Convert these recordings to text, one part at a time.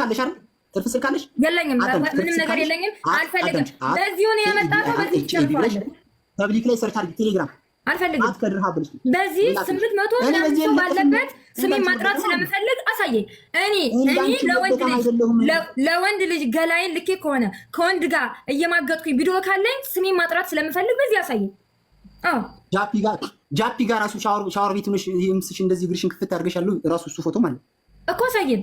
ስልክ አለሽ አይደል? ትርፍ ስልክ አለሽ? የለኝም፣ ምንም ነገር የለኝም፣ አልፈልግም። በዚሁ ነው የመጣው። በዚህ ጨርሷል። ፐብሊክ ላይ ሰርች አድርጊ፣ ቴሌግራም አልፈልግም። በዚህ ስምንት መቶ ሰው ባለበት ስሜን ማጥራት ስለምፈልግ አሳየኝ። እኔ እኔ ለወንድ ልጅ ለወንድ ልጅ ገላይን ልኬ ከሆነ ከወንድ ጋር እየማገጥኩኝ ቪዲዮ ካለኝ ስሜን ማጥራት ስለምፈልግ በዚህ አሳየኝ። ጃፒ ጋር ጃፒ ጋር ራሱ ሻወር ቤት ምስሽ እንደዚህ ግርሽን ክፍት አድርገሻሉ። ራሱ እሱ ፎቶ ማለት እኮ አሳየን።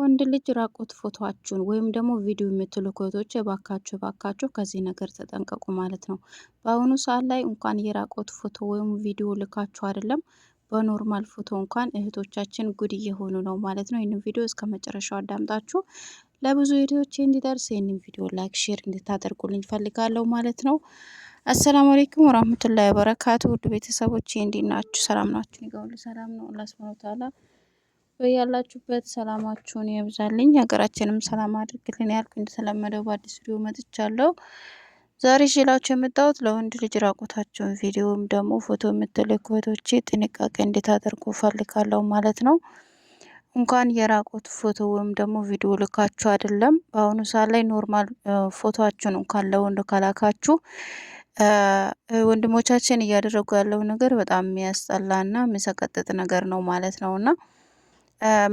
ወንድ ልጅ ራቁት ፎቶችሁን ወይም ደግሞ ቪዲዮ የምትሉ እህቶች እባካችሁ እባካችሁ ከዚህ ነገር ተጠንቀቁ ማለት ነው። በአሁኑ ሰዓት ላይ እንኳን የራቁት ፎቶ ወይም ቪዲዮ ልካችሁ አይደለም በኖርማል ፎቶ እንኳን እህቶቻችን ጉድ እየሆኑ ነው ማለት ነው። ይህንን ቪዲዮ እስከ መጨረሻው አዳምጣችሁ ለብዙ እህቶች እንዲደርስ ይህንን ቪዲዮ ላይክ፣ ሼር እንድታደርጉልኝ ፈልጋለሁ ማለት ነው። አሰላሙ አለይኩም ወራህመቱላሂ ወበረካቱ ውድ ቤተሰቦች እንዲናችሁ ሰላም ናችሁ? ይገውል ሰላም ነው አላህ ሱብሃነሁ ወተዓላ በያላችሁበት ሰላማችሁን ይብዛልኝ ሀገራችንም ሰላም አድርግልን ያልኩ እንደተለመደው በአዲስ ቪዲዮ መጥቻለሁ። ዛሬ ሽላችሁ የመጣሁት ለወንድ ልጅ ራቁታቸውን ቪዲዮም ደግሞ ፎቶ የምትልኩ እህቶቼ ጥንቃቄ እንድታደርጉ ፈልጋለሁ ማለት ነው። እንኳን የራቁት ፎቶ ወይም ደግሞ ቪዲዮ ልካችሁ አይደለም። በአሁኑ ሰዓት ላይ ኖርማል ፎቶችን እንኳን ለወንድ ካላካችሁ ወንድሞቻችን እያደረጉ ያለው ነገር በጣም የሚያስጠላ እና የሚሰቀጥጥ ነገር ነው ማለት ነው እና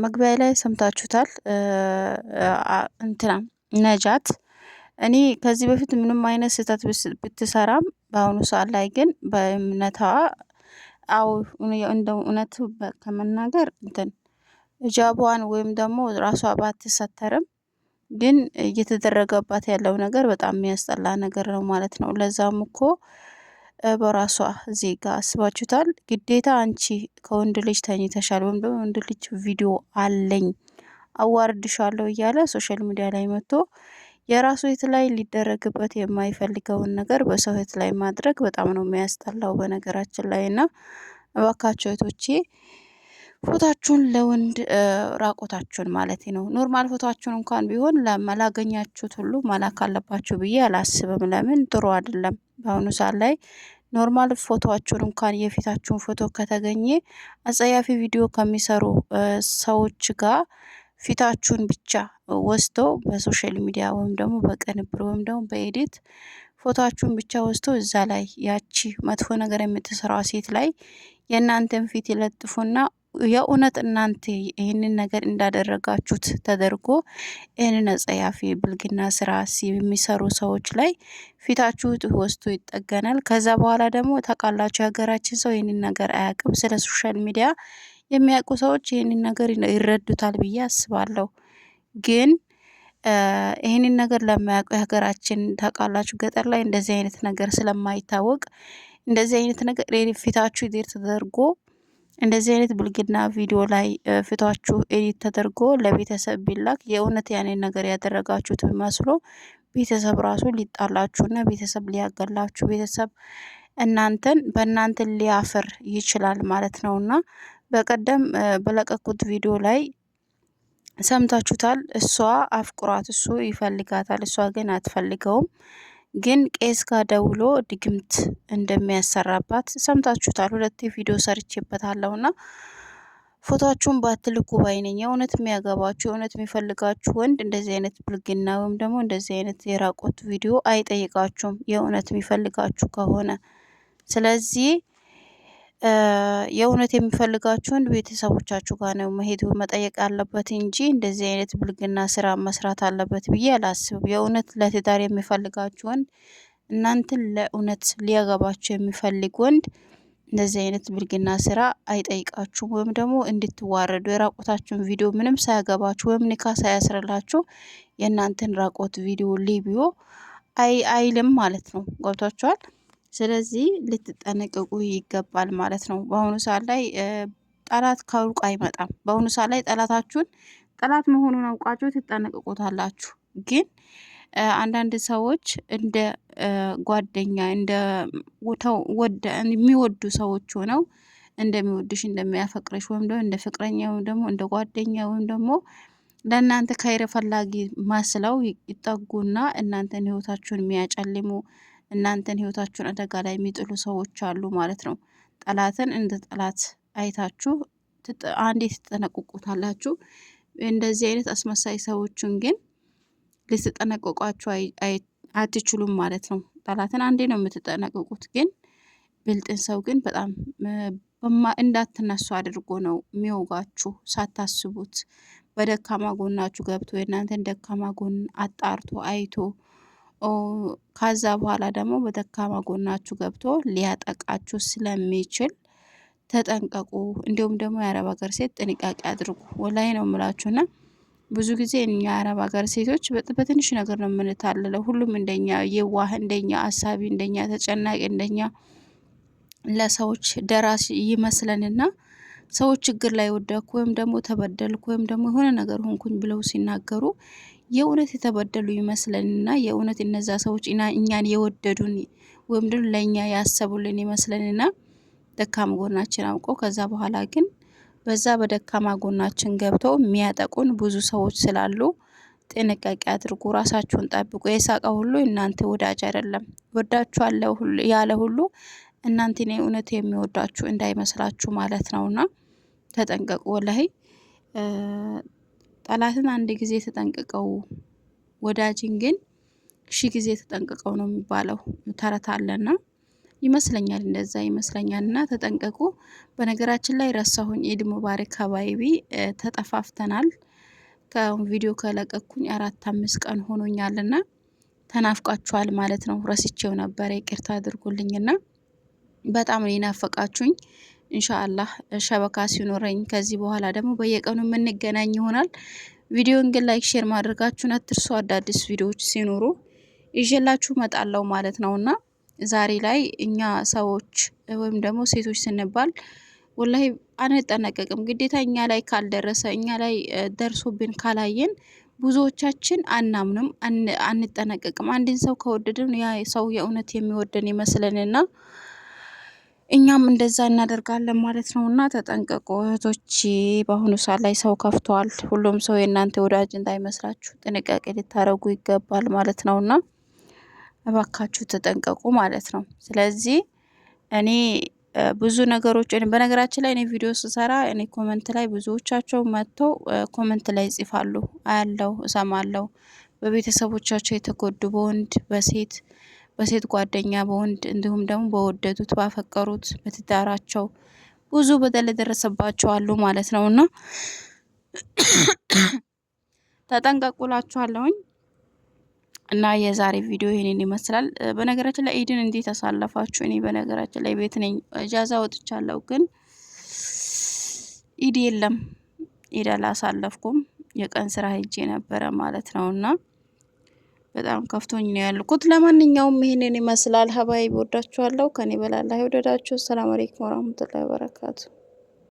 መግቢያ ላይ ሰምታችሁታል። እንትና ነጃት እኔ ከዚህ በፊት ምንም አይነት ስህተት ብትሰራም በአሁኑ ሰዓት ላይ ግን በእምነታዋ አው እንደ እውነቱ ከመናገር እንትን እጃቧን ወይም ደግሞ ራሷ ባትሰተርም ግን እየተደረገባት ያለው ነገር በጣም የሚያስጠላ ነገር ነው ማለት ነው። ለዛም እኮ በራሷ ዜጋ አስባችሁታል። ግዴታ አንቺ ከወንድ ልጅ ተኝተሻል ወይም ደግሞ ወንድ ልጅ ቪዲዮ አለኝ አዋርድሻለሁ እያለ ሶሻል ሚዲያ ላይ መጥቶ የራሱ ህይወት ላይ ሊደረግበት የማይፈልገውን ነገር በሰው ህይወት ላይ ማድረግ በጣም ነው የሚያስጠላው በነገራችን ላይ እና እባካቸው እህቶቼ ፎታችሁን ለወንድ ራቆታችሁን ማለት ነው። ኖርማል ፎታችሁን እንኳን ቢሆን ላገኛችሁት ሁሉ ማላክ አለባችሁ ብዬ አላስብም። ለምን ጥሩ አይደለም። በአሁኑ ሰዓት ላይ ኖርማል ፎቶዋችሁን እንኳን የፊታችሁን ፎቶ ከተገኘ አጸያፊ ቪዲዮ ከሚሰሩ ሰዎች ጋር ፊታችሁን ብቻ ወስቶ በሶሻል ሚዲያ ወይም ደግሞ በቅንብር ወይም ደግሞ በኤዲት ፎቶችሁን ብቻ ወስቶ እዛ ላይ ያቺ መጥፎ ነገር የምትሰራ ሴት ላይ የእናንተን ፊት ይለጥፉና የእውነት እናንተ ይህንን ነገር እንዳደረጋችሁት ተደርጎ ይህንን አጸያፊ ብልግና ስራ የሚሰሩ ሰዎች ላይ ፊታችሁ ወስቶ ይጠገናል። ከዛ በኋላ ደግሞ ታውቃላችሁ፣ የሀገራችን ሰው ይህንን ነገር አያውቅም። ስለ ሶሻል ሚዲያ የሚያውቁ ሰዎች ይህንን ነገር ይረዱታል ብዬ አስባለሁ። ግን ይህንን ነገር ለማያውቁ የሀገራችን ታውቃላችሁ፣ ገጠር ላይ እንደዚህ አይነት ነገር ስለማይታወቅ እንደዚህ አይነት ነገር ፊታችሁ ዴር ተደርጎ እንደዚህ አይነት ብልግና ቪዲዮ ላይ ፍታችሁ ኤዲት ተደርጎ ለቤተሰብ ቢላክ የእውነት ያኔን ነገር ያደረጋችሁት መስሎ ቤተሰብ ራሱ ሊጣላችሁና ቤተሰብ ሊያገላችሁ ቤተሰብ እናንተን በእናንተን ሊያፍር ይችላል ማለት ነው። እና በቀደም በለቀቁት ቪዲዮ ላይ ሰምታችሁታል። እሷ አፍቁራት፣ እሱ ይፈልጋታል፣ እሷ ግን አትፈልገውም። ግን ቄስ ጋር ደውሎ ድግምት እንደሚያሰራባት ሰምታችሁታል። ሁለት ቪዲዮ ሰርቼበታለሁ እና ፎቶችሁን ባትልኩ ባይነኝ። የእውነት የሚያገባችሁ የእውነት የሚፈልጋችሁ ወንድ እንደዚህ አይነት ብልግና ወይም ደግሞ እንደዚህ አይነት የራቆት ቪዲዮ አይጠይቃችሁም፣ የእውነት የሚፈልጋችሁ ከሆነ ስለዚህ የእውነት የሚፈልጋችሁን ቤተሰቦቻችሁ ጋር ነው መሄድ መጠየቅ አለበት እንጂ እንደዚህ አይነት ብልግና ስራ መስራት አለበት ብዬ አላስብ። የእውነት ለትዳር የሚፈልጋችሁን እናንተን ለእውነት ሊያገባችሁ የሚፈልግ ወንድ እንደዚህ አይነት ብልግና ስራ አይጠይቃችሁም፣ ወይም ደግሞ እንድትዋረዱ የራቆታችሁን ቪዲዮ ምንም ሳያገባችሁ ወይም ኒካ ሳያስረላችሁ የእናንተን ራቆት ቪዲዮ ሊቢዮ አይልም ማለት ነው። ገብቷችኋል? ስለዚህ ልትጠነቀቁ ይገባል ማለት ነው። በአሁኑ ሰዓት ላይ ጠላት ከሩቅ አይመጣም። በአሁኑ ሰዓት ላይ ጠላታችሁን ጠላት መሆኑን አውቃችሁ ትጠነቀቁታላችሁ። ግን አንዳንድ ሰዎች እንደ ጓደኛ እንደ የሚወዱ ሰዎች ሆነው እንደሚወድሽ እንደሚያፈቅረሽ ወይም ደግሞ እንደ ፍቅረኛ ወይም ደግሞ እንደ ጓደኛ ወይም ደግሞ ለእናንተ ከይረ ፈላጊ መስለው ይጠጉና እናንተን ህይወታችሁን የሚያጨልሙ እናንተን ህይወታችሁን አደጋ ላይ የሚጥሉ ሰዎች አሉ ማለት ነው። ጠላትን እንደ ጠላት አይታችሁ አንዴ ትጠነቁቁታላችሁ። እንደዚህ አይነት አስመሳይ ሰዎችን ግን ልትጠነቀቋቸው አትችሉም ማለት ነው። ጠላትን አንዴ ነው የምትጠነቀቁት። ግን ብልጥን ሰው ግን በጣም እንዳትነሱ አድርጎ ነው የሚወጋችሁ ሳታስቡት። በደካማ ጎናችሁ ገብቶ የእናንተን ደካማ ጎን አጣርቶ አይቶ ከዛ በኋላ ደግሞ በደካማ ጎናችሁ ገብቶ ሊያጠቃችሁ ስለሚችል ተጠንቀቁ። እንዲሁም ደግሞ የአረብ ሀገር ሴት ጥንቃቄ አድርጉ። ወላይ ነው ምላችሁና ብዙ ጊዜ እኛ የአረብ ሀገር ሴቶች በትንሽ ነገር ነው የምንታልለው። ሁሉም እንደኛ የዋህ፣ እንደኛ አሳቢ፣ እንደኛ ተጨናቂ፣ እንደኛ ለሰዎች ደራሽ ይመስለንና ሰዎች ችግር ላይ ወደኩ ወይም ደግሞ ተበደልኩ ወይም ደግሞ የሆነ ነገር ሆንኩኝ ብለው ሲናገሩ የእውነት የተበደሉ ይመስለንና የእውነት እነዛ ሰዎች እኛን የወደዱን ወይም ደግሞ ለእኛ ያሰቡልን ይመስለንና ደካማ ጎናችን አውቀው ከዛ በኋላ ግን በዛ በደካማ ጎናችን ገብተው የሚያጠቁን ብዙ ሰዎች ስላሉ ጥንቃቄ አድርጉ፣ ራሳችሁን ጠብቁ። የሳቀ ሁሉ እናንተ ወዳጅ አይደለም። ወዳችኋለሁ ያለ ሁሉ እናንተ ኔ እውነት የሚወዳችሁ እንዳይመስላችሁ ማለት ነውና ተጠንቀቁ። ወላሂ ጠላትን አንድ ጊዜ ተጠንቅቀው ወዳጅን ግን ሺ ጊዜ ተጠንቅቀው ነው የሚባለው ተረት አለና ይመስለኛል፣ እንደዛ ይመስለኛል። እና ተጠንቀቁ። በነገራችን ላይ ረሳሁኝ፣ ኢድ ሙባረክ ሀባይቢ። ተጠፋፍተናል። ከአሁን ቪዲዮ ከለቀኩኝ አራት አምስት ቀን ሆኖኛል እና ተናፍቃችኋል ማለት ነው። ረስቼው ነበረ፣ ይቅርታ አድርጉልኝና በጣም ነው የናፈቃችሁኝ። እንሻአላህ ሸበካ ሲኖረኝ ከዚህ በኋላ ደግሞ በየቀኑ የምንገናኝ ይሆናል። ቪዲዮን ግን ላይክ፣ ሼር ማድረጋችሁን አትርሱ። አዳዲስ ቪዲዮዎች ሲኖሩ ይዤላችሁ መጣለው ማለት ነውና ዛሬ ላይ እኛ ሰዎች ወይም ደግሞ ሴቶች ስንባል ወላሂ አንጠነቀቅም። ግዴታ እኛ ላይ ካልደረሰ እኛ ላይ ደርሶብን ካላየን ብዙዎቻችን አናምንም፣ አንጠነቀቅም። አንድን ሰው ከወደድን ያ ሰው የእውነት የሚወደን ይመስለንና እኛም እንደዛ እናደርጋለን ማለት ነው። እና ተጠንቀቁ እህቶች፣ በአሁኑ ሰዓት ላይ ሰው ከፍቷል። ሁሉም ሰው የእናንተ ወዳጅ እንዳይመስላችሁ ጥንቃቄ ልታደርጉ ይገባል ማለት ነው። እና እባካችሁ ተጠንቀቁ ማለት ነው። ስለዚህ እኔ ብዙ ነገሮች በነገራችን ላይ እኔ ቪዲዮ ስሰራ እኔ ኮመንት ላይ ብዙዎቻቸው መጥተው ኮመንት ላይ ይጽፋሉ፣ አያለው፣ እሰማለው። በቤተሰቦቻቸው የተጎዱ በወንድ በሴት በሴት ጓደኛ፣ በወንድ እንዲሁም ደግሞ በወደዱት ባፈቀሩት፣ በትዳራቸው ብዙ በደል የደረሰባቸው አሉ ማለት ነው እና ተጠንቀቁላችኋለሁኝ። እና የዛሬ ቪዲዮ ይህንን ይመስላል። በነገራችን ላይ ኢድን እንዴት አሳለፋችሁ? እኔ በነገራችን ላይ ቤት ነኝ፣ እጃዛ ወጥቻለሁ፣ ግን ኢድ የለም። ኢድ አላሳለፍኩም። የቀን ስራ ሄጄ ነበረ ማለት ነው እና በጣም ከፍቶኝ ነው ያልኩት። ለማንኛውም ይህንን ይመስላል። ሀባይ ወዳችኋለሁ። ከኔ በላላ ይወደዳችሁ። ሰላም አለይኩም ወራህመቱላሂ ወበረካቱሁ።